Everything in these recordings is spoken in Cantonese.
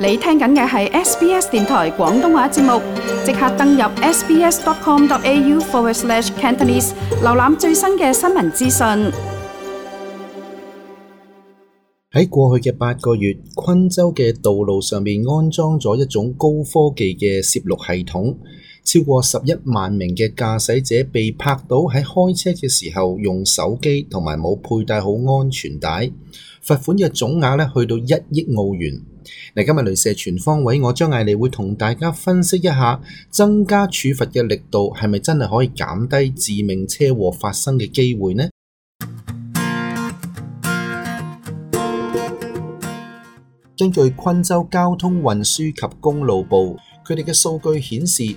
你聽緊嘅係 SBS 電台廣東話節目，即刻登入 sbs.com.au/cantonese，瀏覽最新嘅新聞資訊。喺過去嘅八個月，昆州嘅道路上面安裝咗一種高科技嘅攝錄系統，超過十一萬名嘅駕駛者被拍到喺開車嘅時候用手機同埋冇佩戴好安全帶。罰款嘅總額咧，去到一億澳元。嗱，今日鐳射全方位，我張艾利會同大家分析一下，增加處罰嘅力度係咪真係可以減低致命車禍發生嘅機會呢？根據昆州交通運輸及公路部，佢哋嘅數據顯示，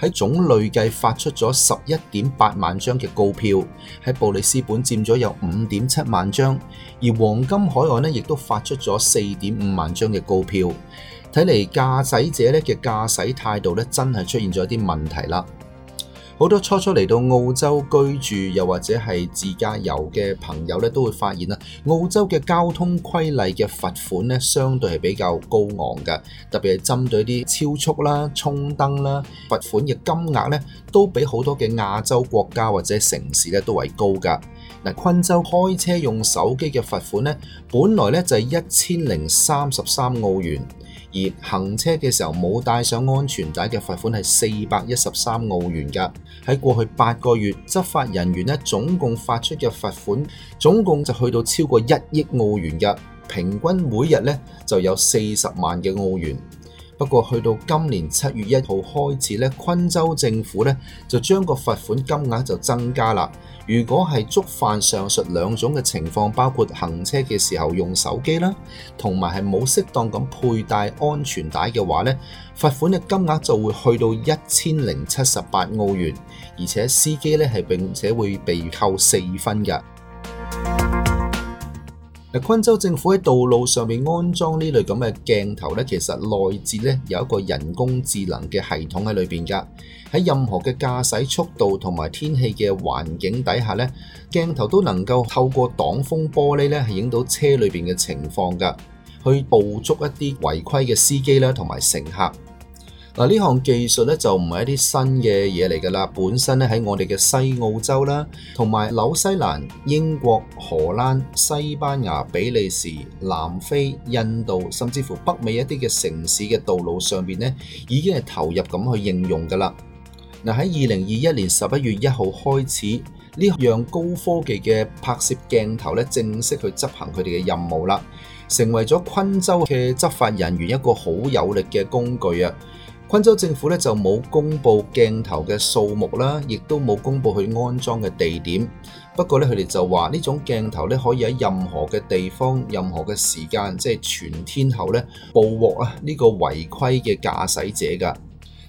喺總累計發出咗十一點八萬張嘅告票，喺布里斯本佔咗有五點七萬張，而黃金海岸咧亦都發出咗四點五萬張嘅告票，睇嚟駕駛者咧嘅駕駛態度咧真係出現咗啲問題啦。好多初初嚟到澳洲居住，又或者係自駕遊嘅朋友咧，都會發現啦，澳洲嘅交通規例嘅罰款咧，相對係比較高昂噶，特別係針對啲超速啦、衝燈啦，罰款嘅金額咧，都比好多嘅亞洲國家或者城市咧都為高噶。嗱，昆州開車用手機嘅罰款咧，本來咧就係一千零三十三澳元。而行車嘅時候冇戴上安全帶嘅罰款係四百一十三澳元㗎。喺過去八個月，執法人員呢總共發出嘅罰款總共就去到超過一億澳元㗎，平均每日呢就有四十萬嘅澳元。不過，去到今年七月一號開始咧，昆州政府咧就將個罰款金額就增加啦。如果係觸犯上述兩種嘅情況，包括行車嘅時候用手機啦，同埋係冇適當咁佩戴安全帶嘅話咧，罰款嘅金額就會去到一千零七十八澳元，而且司機咧係並且會被扣四分㗎。嗱，昆州政府喺道路上面安裝呢類咁嘅鏡頭咧，其實內置咧有一個人工智能嘅系統喺裏邊㗎。喺任何嘅駕駛速度同埋天氣嘅環境底下咧，鏡頭都能夠透過擋風玻璃咧，係影到車裏邊嘅情況㗎，去捕捉一啲違規嘅司機咧同埋乘客。嗱，呢項技術咧就唔係一啲新嘅嘢嚟㗎啦。本身咧喺我哋嘅西澳洲啦，同埋紐西蘭、英國、荷蘭、西班牙、比利時、南非、印度，甚至乎北美一啲嘅城市嘅道路上邊咧，已經係投入咁去應用㗎啦。嗱，喺二零二一年十一月一號開始，呢樣高科技嘅拍攝鏡頭咧正式去執行佢哋嘅任務啦，成為咗昆州嘅執法人員一個好有力嘅工具啊！昆州政府咧就冇公布鏡頭嘅數目啦，亦都冇公布佢安裝嘅地點。不過呢，佢哋就話呢種鏡頭咧可以喺任何嘅地方、任何嘅時間，即係全天候咧捕獲啊呢個違規嘅駕駛者㗎。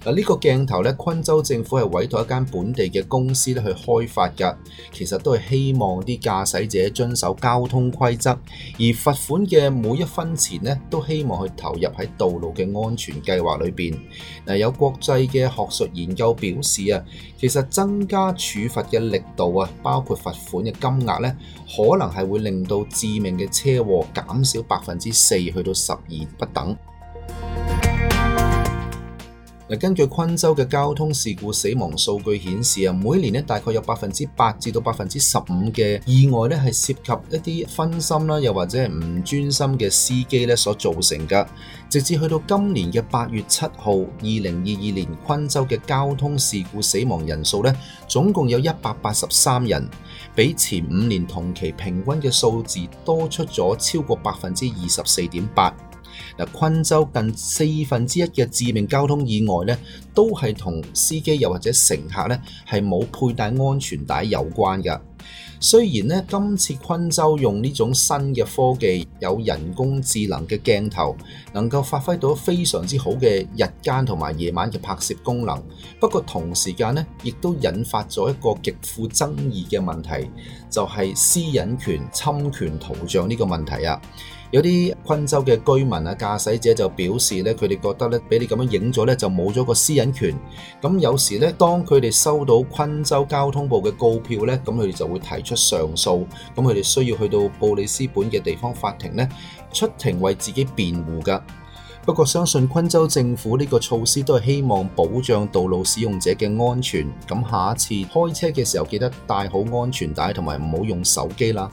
嗱，呢個鏡頭咧，昆州政府係委託一間本地嘅公司咧去開發㗎。其實都係希望啲駕駛者遵守交通規則，而罰款嘅每一分錢咧，都希望去投入喺道路嘅安全計劃裏邊。嗱，有國際嘅學術研究表示啊，其實增加處罰嘅力度啊，包括罰款嘅金額咧，可能係會令到致命嘅車禍減少百分之四，去到十二不等。根據昆州嘅交通事故死亡數據顯示啊，每年咧大概有百分之八至到百分之十五嘅意外咧係涉及一啲分心啦，又或者係唔專心嘅司機咧，所造成嘅。直至去到今年嘅八月七號，二零二二年昆州嘅交通事故死亡人數咧總共有一百八十三人，比前五年同期平均嘅數字多出咗超過百分之二十四點八。嗱，昆州近四分之一嘅致命交通意外咧，都係同司機又或者乘客咧係冇佩戴安全帶有關噶雖然咧今次昆州用呢種新嘅科技，有人工智能嘅鏡頭，能夠發揮到非常之好嘅日間同埋夜晚嘅拍攝功能。不過同時間咧，亦都引發咗一個極富爭議嘅問題，就係、是、私隱權侵權圖像呢個問題啊！有啲昆州嘅居民啊，駕駛者就表示咧，佢哋覺得咧，俾你咁樣影咗咧，就冇咗個私隱權。咁有時咧，當佢哋收到昆州交通部嘅告票咧，咁佢哋就會提出上訴，咁佢哋需要去到布里斯本嘅地方法庭咧，出庭為自己辯護噶。不過相信昆州政府呢個措施都係希望保障道路使用者嘅安全。咁下一次開車嘅時候，記得帶好安全帶同埋唔好用手機啦。